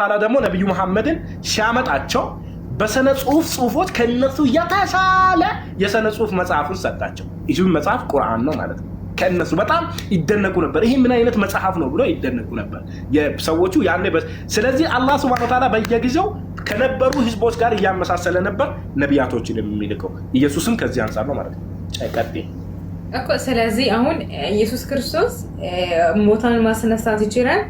በኋላ ደግሞ ነቢዩ መሐመድን ሲያመጣቸው በሰነ ጽሁፍ ጽሁፎች ከነሱ የተሻለ የሰነ ጽሁፍ መጽሐፉን ሰጣቸው። ይህ መጽሐፍ ቁርአን ነው ማለት ነው። ከእነሱ በጣም ይደነቁ ነበር። ይህ ምን አይነት መጽሐፍ ነው ብሎ ይደነቁ ነበር ሰዎቹ ያኔ። ስለዚህ አላህ ስብሐነ ወተዓላ በየጊዜው ከነበሩ ህዝቦች ጋር እያመሳሰለ ነበር ነቢያቶችን የሚልከው። ኢየሱስም ከዚህ አንጻር ነው ማለት ነው። እኮ ስለዚህ አሁን ኢየሱስ ክርስቶስ ሞታን ማስነሳት ይችላል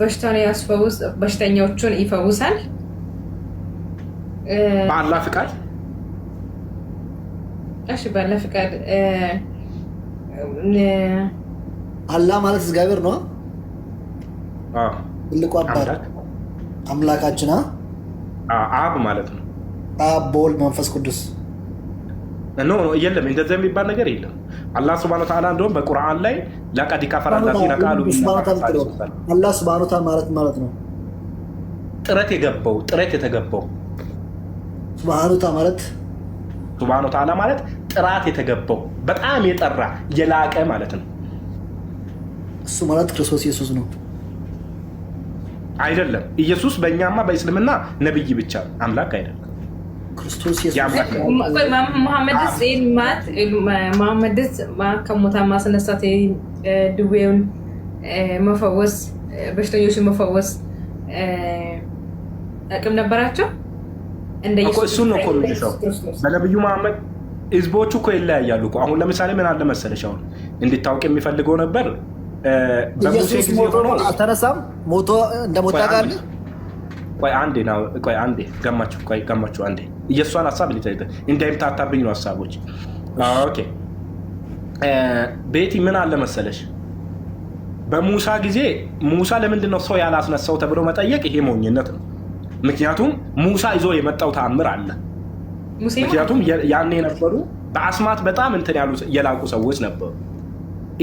በሽታን ያስፈውስ በሽተኛዎቹን ይፈውሳል። በአላ ፍቃድ እሺ፣ በአላ ፍቃድ። አላህ ማለት እግዚአብሔር ነው። ትልቁ አባት አምላካችን አብ ማለት ነው። አብ በወልድ መንፈስ ቅዱስ ኖ የለም፣ እንደዚያ የሚባል ነገር የለም። አላህ ስብሃነሁ ወተዓላ እንደውም በቁርአን ላይ ለቀድ ከፈረ አላዚነ ቃሉ አላህ ስብሃነሁ ወተዓላ ማለት ማለት ነው ጥረት የገባው ጥረት የተገባው ስብሃነሁ ወተዓላ ማለት ስብሃነሁ ወተዓላ ማለት ጥራት የተገባው በጣም የጠራ የላቀ ማለት ነው። እሱ ማለት ክርስቶስ ኢየሱስ ነው አይደለም። ኢየሱስ በእኛማ በእስልምና ነብይ ብቻ አምላክ አይደለም። ክርስቶስ ማት መሐመድስ ከሞታ ማስነሳት፣ ድዌውን መፈወስ፣ በሽተኞችን መፈወስ አቅም ነበራቸው። እሱን ነው ኮሚሽው በነብዩ መሐመድ ህዝቦቹ እኮ ይለያያሉ እኮ። አሁን ለምሳሌ ምን አለ መሰለሽ፣ አሁን እንድታውቅ የሚፈልገው ነበር በሙሴ ጊዜ ሆኖ አልተነሳም ሞቶ እንደሞታ ቃል ቆይ አንዴ ና ቆይ አንዴ ገማችሁ ቆይ ገማችሁ አንዴ እየሷን ሀሳብ ሊጠይቅ እንዳይምታታብኝ ነው ሀሳቦች። ኦኬ ቤቲ ምን አለ መሰለሽ በሙሳ ጊዜ ሙሳ ለምንድን ነው ሰው ያላስነሳው ተብሎ መጠየቅ ይሄ ሞኝነት ነው። ምክንያቱም ሙሳ ይዞ የመጣው ተአምር አለ። ምክንያቱም ያኔ የነበሩ በአስማት በጣም እንትን ያሉ የላቁ ሰዎች ነበሩ።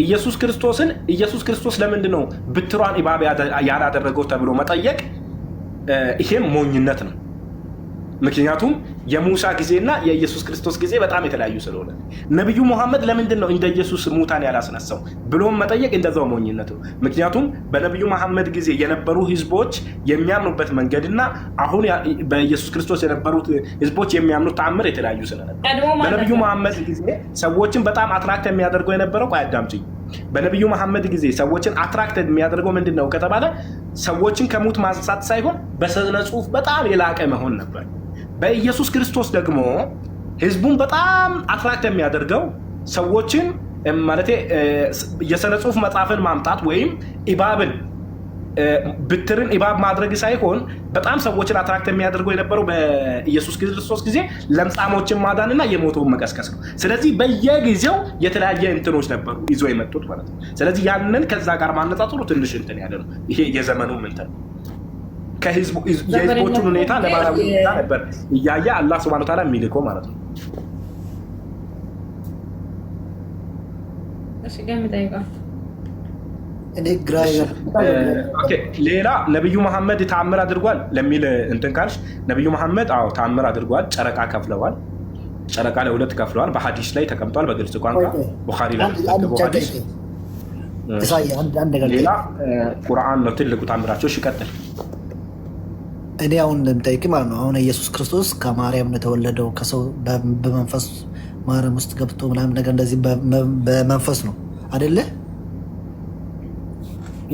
ኢየሱስ ክርስቶስን ኢየሱስ ክርስቶስ ለምንድን ነው ብትሯን እባብ ያላደረገው ተብሎ መጠየቅ ይሄም ሞኝነት ነው። ምክንያቱም የሙሳ ጊዜና የኢየሱስ ክርስቶስ ጊዜ በጣም የተለያዩ ስለሆነ ነቢዩ ሙሐመድ ለምንድን ነው እንደ ኢየሱስ ሙታን ያላስነሳው ብሎም መጠየቅ እንደዛው ሞኝነት ነው። ምክንያቱም በነቢዩ መሐመድ ጊዜ የነበሩ ህዝቦች የሚያምኑበት መንገድና አሁን በኢየሱስ ክርስቶስ የነበሩት ህዝቦች የሚያምኑት ተአምር የተለያዩ ስለነበር በነቢዩ መሐመድ ጊዜ ሰዎችን በጣም አትራክት የሚያደርገው የነበረው ቆይ አዳምጪኝ በነቢዩ መሐመድ ጊዜ ሰዎችን አትራክተድ የሚያደርገው ምንድን ነው ከተባለ ሰዎችን ከሙት ማንሳት ሳይሆን በስነ ጽሁፍ በጣም የላቀ መሆን ነበር። በኢየሱስ ክርስቶስ ደግሞ ህዝቡን በጣም አትራክት የሚያደርገው ሰዎችን ማለት የስነ ጽሁፍ መጽሐፍን ማምጣት ወይም ኢባብን ብትርን ኢባብ ማድረግ ሳይሆን በጣም ሰዎችን አትራክት የሚያደርገው የነበረው በኢየሱስ ክርስቶስ ጊዜ ለምጻሞችን ማዳን እና የሞተውን መቀስቀስ ነው። ስለዚህ በየጊዜው የተለያየ እንትኖች ነበሩ ይዞ የመጡት ማለት ነው። ስለዚህ ያንን ከዛ ጋር ማነጻጽሩ ትንሽ እንትን ያለ ነው። ይሄ የዘመኑ እንትን የህዝቦቹን ሁኔታ ነባራዊ ሁኔታ ነበር እያየ አላህ ሱብሃነሁ ወተዓላ የሚልከው ማለት ነው። እሺ ሌላ ነቢዩ መሐመድ ተአምር አድርጓል ለሚል እንትን ካልሽ ነቢዩ መሐመድ አዎ ተአምር አድርጓል። ጨረቃ ከፍለዋል። ጨረቃ ለሁለት ከፍለዋል። በሀዲስ ላይ ተቀምጧል። በግልጽ ቋንቋ ቡኻሪ ላይ ሌላ ቁርአን ነው ትልቁ ተአምራቸው። ይቀጥል። እኔ አሁን እንደምጠይቅ ማለት ነው አሁን ኢየሱስ ክርስቶስ ከማርያም የተወለደው ከሰው በመንፈስ ማርያም ውስጥ ገብቶ ምናምን ነገር እንደዚህ በመንፈስ ነው አደለህ?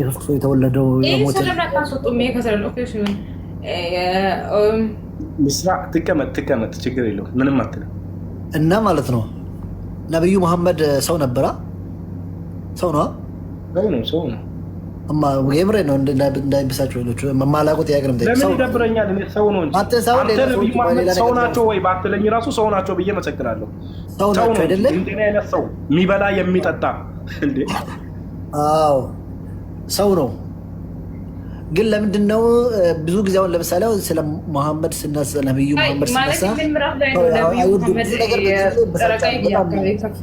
የሱስ ክርስቶስ የተወለደው ምስራ ትቀመጥ ትቀመጥ ችግር የለውም ምንም አትልም። እና ማለት ነው ነቢዩ መሐመድ ሰው ነበራ። ሰው ነው ሰው ነው። የምሬ ነው። እንዳይብሳቸው ሌሎች የማላውቀው ጥያቄ ነው። ለምን ይደብረኛል? ሰው ነው እንጂ ሰው ናቸው ወይ ባትለኝ ራሱ ሰው ናቸው ብዬ መሰግናለሁ። ሰው ናቸው አይደለም? እንደ እኔ አይነት ሰው የሚበላ የሚጠጣ እንዴ? አዎ ሰው ነው። ግን ለምንድን ነው ብዙ ጊዜ አሁን ለምሳሌ ስለ መሐመድ ስናሳ ነብዩ መሐመድ ስናሳ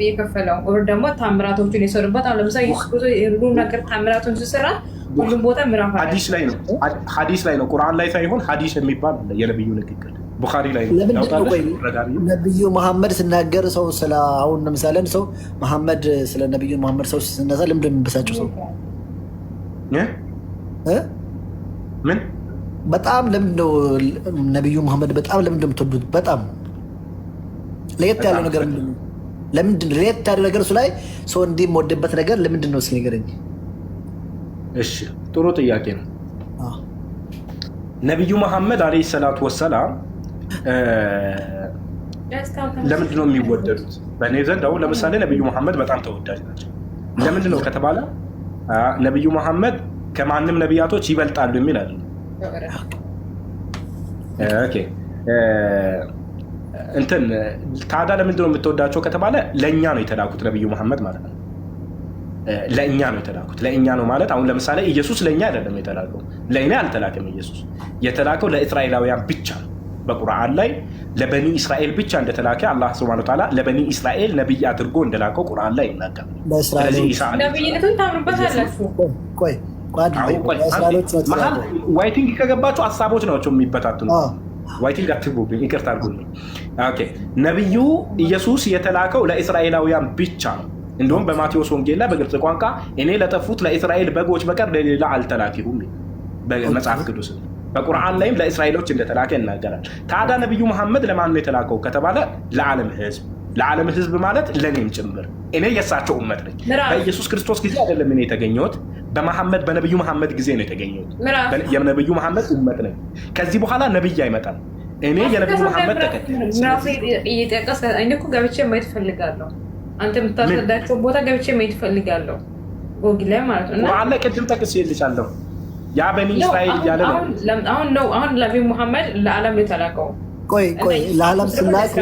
የከፈለው ወር ደግሞ ታምራቶቹን የሰሩበት አሁን ለምሳሌ ሁሉም ነገር ታምራቶን ስሰራ ሁሉም ቦታ ምዕራፍ ሀዲስ ላይ ነው፣ ቁርአን ላይ ሳይሆን ሀዲስ የሚባል የነብዩ ንግግር ቡኻሪ ላይ ነብዩ መሐመድ ስናገር ሰው ስለ አሁን ለምሳሌ ሰው መሐመድ ስለ ነብዩ መሐመድ ሰው ስነሳ ልምድ የሚበሳጭው ሰው ምን በጣም ለምንድነው ነቢዩ መሐመድ በጣም ለምንድነው የምትወዱት? በጣም ለየት ያለው ነገር ለምንድነው? ለየት ያለው ነገር እሱ ላይ ሰው እንዲህ የምወደበት ነገር ነው? እስኪ ንገረኝ። እሺ ጥሩ ጥያቄ ነው። ነቢዩ መሐመድ አለይሂ ሰላቱ ወሰላም ለምንድነው የሚወደዱት? በእኔ ዘንድ አሁን ለምሳሌ ነቢዩ መሐመድ በጣም ተወዳጅ ናቸው። ለምንድነው ከተባለ ነቢዩ መሐመድ ከማንም ነቢያቶች ይበልጣሉ የሚል አለ። እንትን ታዲያ ለምንድነው የምትወዳቸው ከተባለ ለእኛ ነው የተላኩት ነቢዩ መሐመድ ማለት ነው። ለእኛ ነው የተላኩት። ለእኛ ነው ማለት አሁን ለምሳሌ ኢየሱስ ለእኛ አይደለም የተላከው፣ ለእኔ አልተላከም። ኢየሱስ የተላከው ለእስራኤላውያን በቁርአን ላይ ለበኒ እስራኤል ብቻ እንደተላከ አላህ ስብሐነ ወተዓላ ለበኒ እስራኤል ነቢይ አድርጎ እንደላከው ቁርአን ላይ ይናገራል። ዋይቲንግ ከገባችሁ ሀሳቦች ናቸው የሚበታትኑ። ዋይቲንግ አትግቡብኝ፣ ይቅርታ አድርጉልኝ። ነቢዩ ኢየሱስ የተላከው ለእስራኤላውያን ብቻ ነው። እንዲሁም በማቴዎስ ወንጌል ላይ በግልጽ ቋንቋ እኔ ለጠፉት ለእስራኤል በጎች በቀር ለሌላ አልተላኪሁም መጽሐፍ ቅዱስ ነው። በቁርአን ላይም ለእስራኤሎች እንደተላከ ይናገራል። ታዲያ ነቢዩ መሐመድ ለማን ነው የተላከው ከተባለ ለዓለም ህዝብ ለዓለም ህዝብ ማለት ለእኔም ጭምር። እኔ የእሳቸው እመት ነኝ። በኢየሱስ ክርስቶስ ጊዜ አይደለም እኔ የተገኘሁት፣ በመሐመድ በነቢዩ መሐመድ ጊዜ ነው የተገኘሁት። የነቢዩ መሐመድ እመት ነኝ። ከዚህ በኋላ ነብይ አይመጣም። እኔ የነቢዩ መሐመድ ተከእየጠቀስ ገብቼ ማየት እፈልጋለሁ። አንተ የምታስረዳቸው ቦታ ገብቼ ማየት እፈልጋለሁ። ጎግል ላይ ማለት ነው። ቁርአን ላይ ቅድም ጠቅሼልሻለሁ ያ በኒ እስራኤል እያለ ነው። አሁን ነቢ ሙሐመድ ለዓለም የተላከው ቆይ ቆይ ለዓለም ስላክ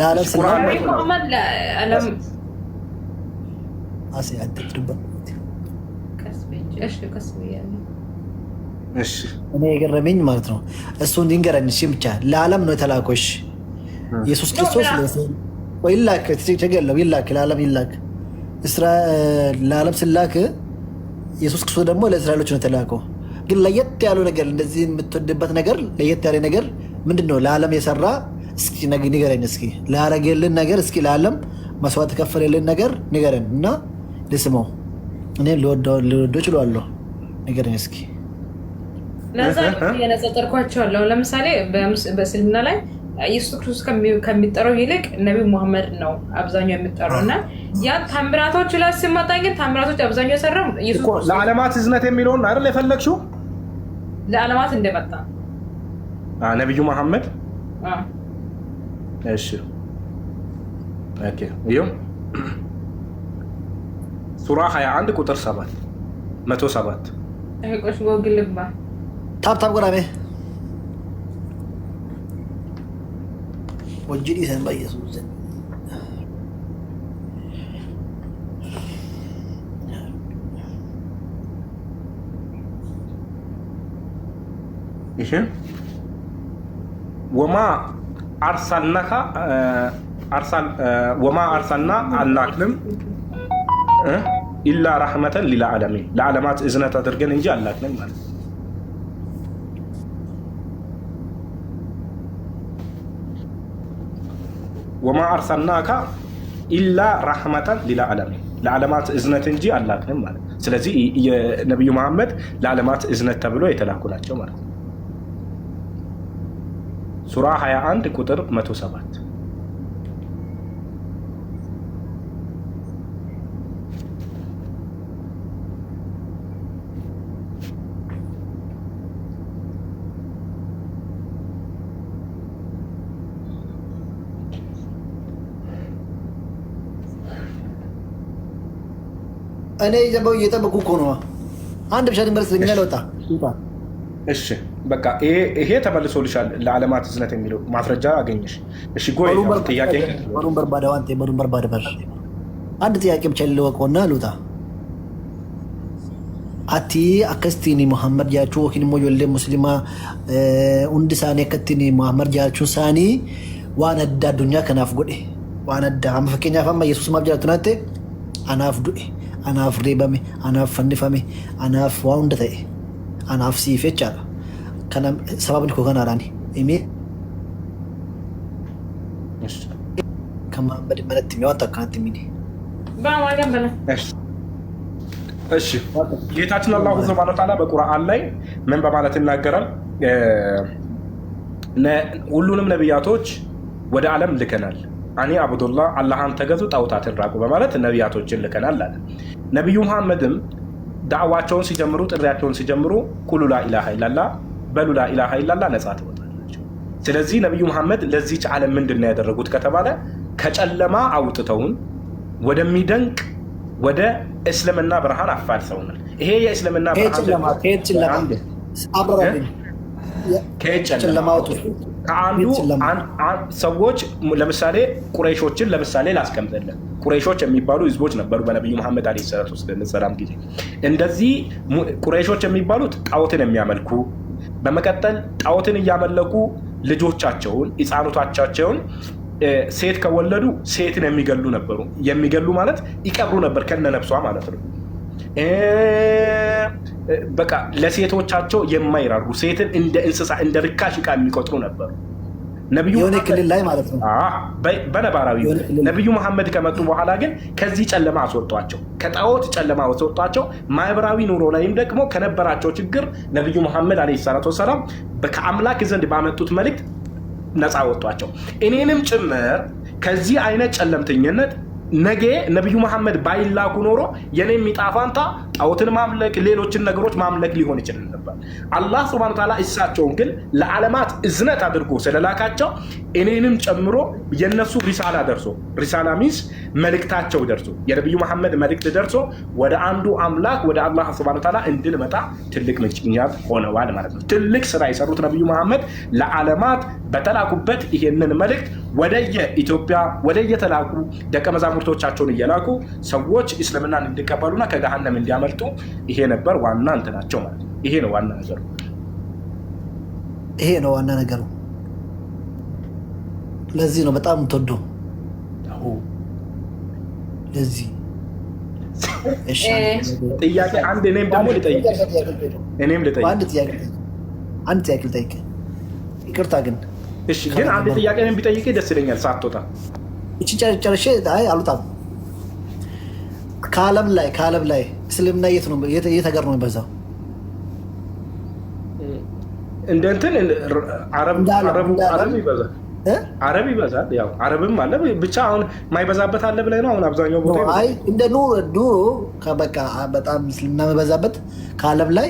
ለዓለም እኔ የገረመኝ ማለት ነው እሱ እንዲንገረን ብቻ ለዓለም ነው ኢየሱስ ክርስቶስ ይላክ፣ ይላክ፣ ለዓለም ይላክ፣ ለዓለም ስላክ ኢየሱስ ክርስቶስ ደግሞ ለእስራኤሎች ነው የተላከው። ግን ለየት ያሉ ነገር እንደዚህ የምትወድበት ነገር ለየት ያለ ነገር ምንድን ነው? ለዓለም የሰራ እስኪ ንገረኝ። እስኪ ላረገልን ነገር እስኪ ለዓለም መስዋዕት ከፈለልን ነገር ንገረን እና ልስመው። እኔ ልወዶ ችሏለሁ። ንገረኝ እስኪ። ለዛ የነጸጠርኳቸዋለሁ። ለምሳሌ በእስልምና ላይ ኢየሱስ ክርስቶስ ከሚጠራው ይልቅ ነቢ ሙሐመድ ነው አብዛኛው የሚጠራው እና ያ ታምራቶች ላይ ሲመጣ ግን ታምራቶች አብዛኛው የሰራው ለዓለማት ህዝነት የሚለውን አይደል የፈለግሽው? ለዓለማት እንደመጣ ነቢዩ መሐመድ እሺ፣ ይኸው ሱራ 21 ቁጥር 7 107 ታብታብ ጎራቤ ወንጀል ይሰማ ኢየሱስ ዘንድ እሺ ወማ አርሳልናካ አርሳል ወማ አርሳልና አላክንም ኢላ ረሕመተን ሊል ለዓለማት እዝነት አድርገን እንጂ አላክንም ማለት ነው። ወማ አርሰልናካ ኢላ ራሕመተን ሊልዓለሚን ለዓለማት እዝነት እንጂ አላክንም ማለት ነው። ስለዚህ የነቢዩ መሐመድ ለዓለማት እዝነት ተብሎ የተላኩ ናቸው ማለት ነው። ሱራ 21 ቁጥር 107 እኔ እየጠበቁ እኮ ነው። አንድ ብቻ ድንበርስ ለወጣ እሺ በቃ ይሄ ተመልሶልሻል። ለዓለማት እዝነት የሚለው ማስረጃ አገኘሽ። እሺ ጎይ ጥያቄ አንድ ጥያቄ ብቻ ልወቀውና ሉታ አቲ አከስቲኒ መሐመድ ጃቹ ወኪን ሞ ጆሌ ሙስሊማ ኡንድ ሳኔ ከቲኒ መሐመድ ጃቹ ሳኒ ዋነዳ አዳ ከናፍ ጎዴ ዋነዳ አዳ ፋማ ኢየሱስ ማብ ጃቱ ናቴ አናፍ ዱኤ anaaf reebame, anaaf fannifame, anaaf waan hunda ta'e, anaaf siif jechaadha. Kana sababni koo kanaadhaan Imee kamaan badi manatti himee wanta akkanatti himini. እሺ ጌታችን አላሁ ስብሃነ ወተዓላ በቁርአን ላይ ምን በማለት ይናገራል? ሁሉንም ነቢያቶች ወደ ዓለም ልከናል አኒ አብዱላ አላህን ተገዙ ጣውታትን ራቁ በማለት ነቢያቶችን ልከናል አለ። ነቢዩ መሐመድም ዳዕዋቸውን ሲጀምሩ ጥሪያቸውን ሲጀምሩ ቁሉ ላኢላሃ ኢላላ በሉ ላኢላሃ ኢላላ ነጻ ትወጣላቸው። ስለዚህ ነቢዩ መሐመድ ለዚች ዓለም ምንድን ነው ያደረጉት ከተባለ ከጨለማ አውጥተውን ወደሚደንቅ ወደ እስልምና ብርሃን አፋልሰውናል። ይሄ የእስልምና ብርሃን ከየት ጨለማ ከየት ከየት ጨለማ ጨለማ አንዱ ሰዎች ለምሳሌ ቁረይሾችን ለምሳሌ ላስቀምጥልን። ቁረይሾች የሚባሉ ህዝቦች ነበሩ በነቢዩ መሐመድ ዐለይሂ ሰላቱ ወሰላም ጊዜ። እንደዚህ ቁረይሾች የሚባሉት ጣዖትን የሚያመልኩ በመቀጠል ጣዖትን እያመለኩ ልጆቻቸውን ህፃኖቶቻቸውን ሴት ከወለዱ ሴትን የሚገሉ ነበሩ። የሚገሉ ማለት ይቀብሩ ነበር ከነ ነፍሷ ማለት ነው። በቃ ለሴቶቻቸው የማይራሩ ሴትን እንደ እንስሳ እንደ ርካሽ እቃ የሚቆጥሩ ነበሩ። ነቢዩ የሆነ ክልል ላይ ማለት ነው። በነባራዊ ነቢዩ መሐመድ ከመጡ በኋላ ግን ከዚህ ጨለማ አስወጧቸው፣ ከጣዖት ጨለማ አስወጧቸው። ማህበራዊ ኑሮ ላይም ደግሞ ከነበራቸው ችግር ነቢዩ መሐመድ ዓለይሂ ሰላቱ ወሰላም ከአምላክ ዘንድ ባመጡት መልእክት ነፃ ወጧቸው። እኔንም ጭምር ከዚህ አይነት ጨለምተኝነት ነገ ነቢዩ መሐመድ ባይላኩ ኖሮ የኔ የሚጣፋንታ ጣዖትን ማምለክ፣ ሌሎችን ነገሮች ማምለክ ሊሆን ይችላል ነበር። አላህ ስብሐነ ወተዓላ እሳቸውን ግን ለዓለማት እዝነት አድርጎ ስለላካቸው እኔንም ጨምሮ የነሱ ሪሳላ ደርሶ ሪሳላ ሚንስ መልእክታቸው ደርሶ የነቢዩ መሐመድ መልእክት ደርሶ ወደ አንዱ አምላክ ወደ አላህ ስብሐነ ወተዓላ እንድንመጣ ትልቅ ምክንያት ሆነዋል ማለት ነው። ትልቅ ስራ የሰሩት ነቢዩ መሐመድ ለዓለማት በተላኩበት ይሄንን መልእክት ወደየ ኢትዮጵያ ወደየተላኩ ደቀ መዛሙርቶቻቸውን እየላኩ ሰዎች እስልምናን እንዲቀበሉና ከገሃነም እንዲያመ ሲመርጡ ይሄ ነበር ዋና እንትናቸው ማለት ነው። ይሄ ነው ዋና ነገሩ። ይሄ ነው ዋና ነገሩ። ለዚህ ነው በጣም ተወዶ ለዚህ ጥያቄ አንድ እኔም ደግሞ ልጠይቅ እኔም ልጠይቅ አንድ ጥያቄ ልጠይቅ። ይቅርታ ግን እሺ፣ ግን አንድ ጥያቄ እኔም ቢጠይቅ ደስ ይለኛል። ሳትወጣ እቺ ጨርሼ አልወጣም። ከአለም ላይ ከአለም ላይ እስልምና የት ነው የት ሀገር ነው የሚበዛው? እንደ እንትን አረብ ይበዛል፣ ያው አረብም አለ። ብቻ አሁን የማይበዛበት አለ ብላይ ነው። አሁን አብዛኛው ቦታ አይ እንደ ኑሮ በቃ በጣም እስልምና የሚበዛበት ከአለም ላይ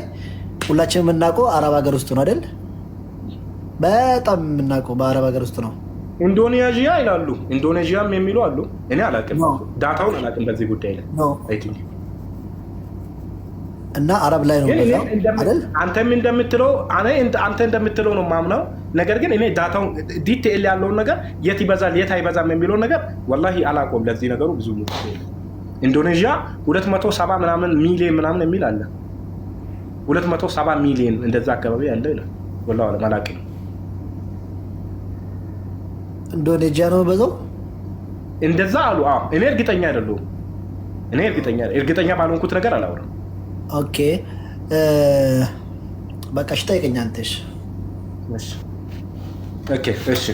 ሁላችን የምናውቀው አረብ ሀገር ውስጥ ነው አይደል? በጣም የምናውቀው በአረብ ሀገር ውስጥ ነው። ኢንዶኔዥያ ይላሉ። ኢንዶኔዥያም የሚሉ አሉ። እኔ አላውቅም፣ ዳታውን አላውቅም በዚህ ጉዳይ ላይ እና አረብ ላይ ነው አንተም እንደምትለው አንተ እንደምትለው ነው ማምነው። ነገር ግን እኔ ዳታውን ዲቴል ያለውን ነገር የት ይበዛል የት አይበዛም የሚለውን ነገር ወላሂ አላቆም። ለዚህ ነገሩ ብዙ ኢንዶኔዥያ 270 ምናምን ሚሊዮን ምናምን የሚል አለ 270 ሚሊዮን እንደዛ አካባቢ ያለ ይላል። ወላሂ አለም አላውቅም። ኢንዶኔዥያ ነው በዛው እንደዛ አሉ። እኔ እርግጠኛ አይደለሁም። እኔ እርግጠኛ ባልሆንኩት ነገር አላወራም ኦኬ በቃ እሺ፣ ጠይቀኝ አንተ። እሺ ጠይቀኝ አንተ እሺ።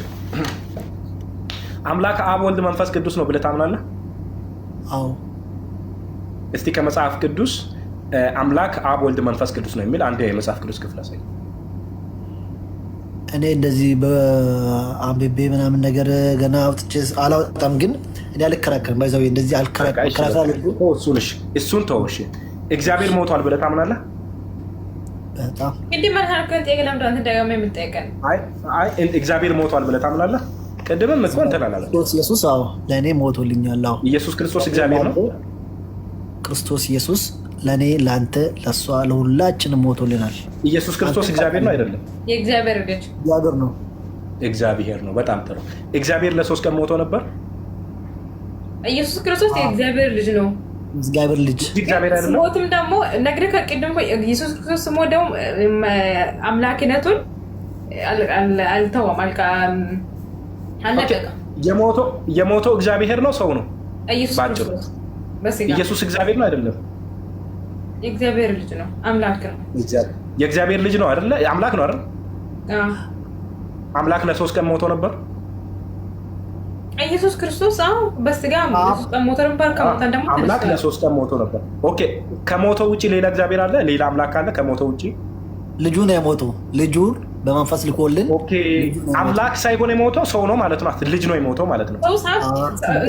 አምላክ አብ ወልድ መንፈስ ቅዱስ ነው ብለህ ታምናለህ? አዎ። እስቲ ከመጽሐፍ ቅዱስ አምላክ አብ ወልድ መንፈስ ቅዱስ ነው የሚል አንድ የመጽሐፍ ቅዱስ ክፍል አሳይ። እኔ እንደዚህ በአንብቤ ምናምን ነገር ገና አውጥቼ አላወጣም፣ ግን እኔ አልከራከርም። ባይዘ እንደዚህ አልከራከራ እሱን ተወው። እግዚአብሔር ሞቷል ብለህ ታምናለህ? እግዚአብሔር ሞቷል ብለህ ታምናለህ? ቅድምም እኮ እንትን አላለም። ኢየሱስ አዎ ለእኔ ሞቶልኛል። ኢየሱስ ክርስቶስ እግዚአብሔር ነው። ክርስቶስ ኢየሱስ ለእኔ፣ ለአንተ፣ ለእሷ፣ ለሁላችንም ሞቶልናል። ኢየሱስ ክርስቶስ እግዚአብሔር ነው አይደለም? እግዚአብሔር ነው። እግዚአብሔር ነው። በጣም ጥሩ። እግዚአብሔር ለሶስት ቀን ሞቶ ነበር። ኢየሱስ ክርስቶስ የእግዚአብሔር ልጅ ነው። እግዚአብሔር ልጅ ሞትም ደግሞ ነግሬህ ከቅድም ደግሞ ኢየሱስ ክርስቶስ ስሞት ደግሞ አምላክነቱን አልተወም፣ አልለቀቀም። የሞተው እግዚአብሔር ነው ሰው ነው ኢየሱስ እግዚአብሔር ነው አይደለም? የእግዚአብሔር ልጅ ነው አምላክ ነው። የእግዚአብሔር ልጅ ነው አይደለ? አምላክ ነው አይደል? አምላክ ለሶስት ቀን ሞቶ ነበር። ኢየሱስ ክርስቶስ አሁ በስጋ ሞተር ባል ከሞታ ደግሞ አምላክ ለሶስት ቀን ሞቶ ነበር። ኦኬ ከሞቶ ውጭ ሌላ እግዚአብሔር አለ? ሌላ አምላክ አለ ከሞቶ ውጭ? ልጁን የሞቶ ልጁን በመንፈስ ልኮልን አምላክ ሳይሆን የሞተው ሰው ነው ማለት ነው። ልጅ ነው የሞተው ማለት ነው።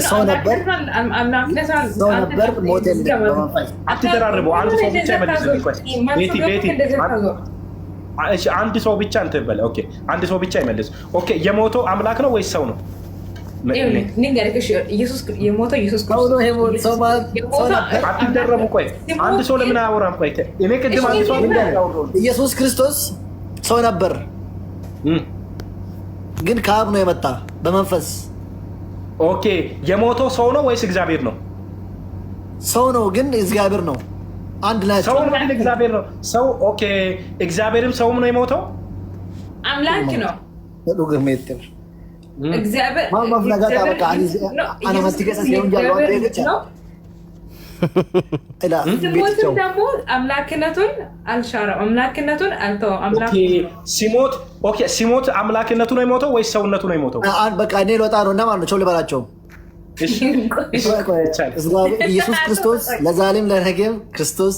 ሰው ነበር፣ ሰው ነበር፣ ሞተ። አትደራርቡ። አንድ ሰው ብቻ ይመልስ አንድ ሰው ብቻ እንትን በል። አንድ ሰው ብቻ ይመልስ። ኦኬ የሞተው አምላክ ነው ወይስ ሰው ነው? የሞተው ኢየሱስ ክርስቶስ ቆይ አንድ ሰው ለምን አያወራም? ቆይ እኔ ቅድም አንድ ሰው ኢየሱስ ክርስቶስ ሰው ነበር፣ ግን ከአብ ነው የመጣ በመንፈስ ኦኬ። የሞተው ሰው ነው ወይስ እግዚአብሔር ነው? ሰው ነው፣ ግን እግዚአብሔር ነው። አንድ ላይ ሰው ነው፣ እግዚአብሔር ነው። ሰው ኦኬ። እግዚአብሔርም ሰውም ነው የሞተው አምላክ ነው። ሲሞትም ደግሞ አምላክነቱን አልሻረም፣ አምላክነቱን አልተወም። ሲሞት አምላክነቱ ነው የሞተው ወይስ ሰውነቱ ነው የሞተው? በቃ እኔ ልወጣ ነው እና ማለት ነው። ቸው ልበላቸው። ኢየሱስ ክርስቶስ ለዛሌም ለነገም ክርስቶስ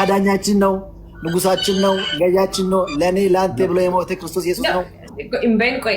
አዳኛችን ነው፣ ንጉሳችን ነው፣ ገያችን ነው። ለእኔ ለአንተ ብሎ የሞተ ክርስቶስ ኢየሱስ ነው። ቆይ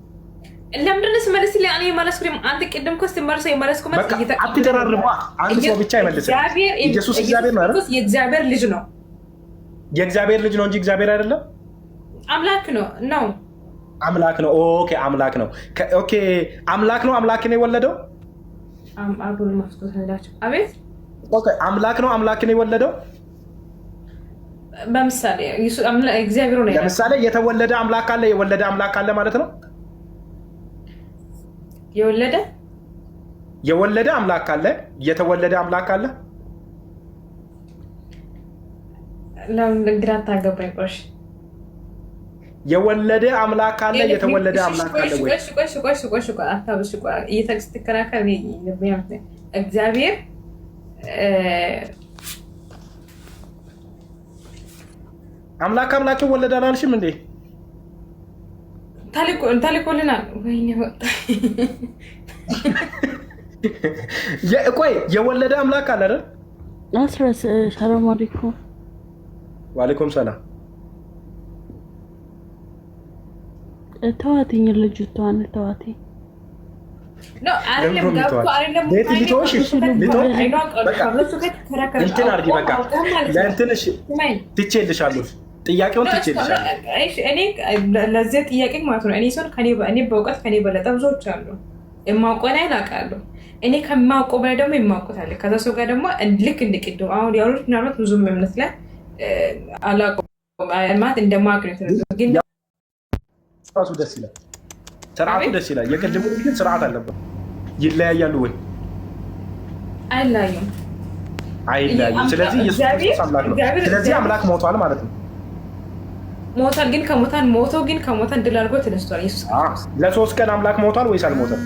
ለምንድን ነው ስመልስ እኔ አንተ ቅድም እኮ የመለስኩ መልስ አንድ ሰው ብቻ አይመልስም። ኢየሱስ የእግዚአብሔር ልጅ ነው። የእግዚአብሔር ልጅ ነው እንጂ እግዚአብሔር አይደለም። አምላክ ነው ነው አምላክ ነው። ኦኬ አምላክ ነው። ኦኬ አምላክ ነው። የወለደው አቤት አምላክ ነው። የወለደው በምሳሌ እግዚአብሔር ነው። ለምሳሌ የተወለደ አምላክ አለ፣ የወለደ አምላክ አለ ማለት ነው። የወለደ የወለደ አምላክ አለ። የተወለደ አምላክ አለ። ግራ ታገባኝ። ቆሽ የወለደ አምላክ አለ። የተወለደ አምላክ አለ ወይ? ስትከራከር እግዚአብሔር አምላክ አምላክ ይወለዳል አልሽም እንዴ? ተልኮልናል። ወይኔ ወጣ። ቆይ የወለደ አምላክ አለ አይደል? ሰላም አለይኩም። ዋለይኩም ሰላም። ተዋትኝ፣ ልጁ ተዋን፣ ተዋትኝ። ትቼልሻለሁ ጥያቄውን ትችልሻል። ለዚህ ጥያቄ ማለት ነው። እኔ ሰውን እኔ በእውቀት ከኔ በለጠ ብዙዎች አሉ። የማውቀውን ላይ ላቃሉ እኔ ከማውቀው በላይ ደግሞ የማውቁት አለ። ከዛ ሰው ጋር ደግሞ ልክ እንድቅድ አሁን ያሉት ምናልባት ብዙም እምነት ላይ አላውቀውም ማለት ግን ስርዓቱ ደስ ይላል። ስርዓቱ ደስ ይላል። የቅድሙ ግን ስርዓት አለበት። ይለያያሉ ወይ አይለያዩም? አይለያዩም። ስለዚህ ኢየሱስ አምላክ ነው። ስለዚህ አምላክ ሞቷል ማለት ነው። ሞታል ግን ከሞታን ሞቶ ግን ከሞታን ድል አድርጎ ተነስቷል። ኢየሱስ ለሶስት ቀን አምላክ ሞቷል ወይስ አልሞተም?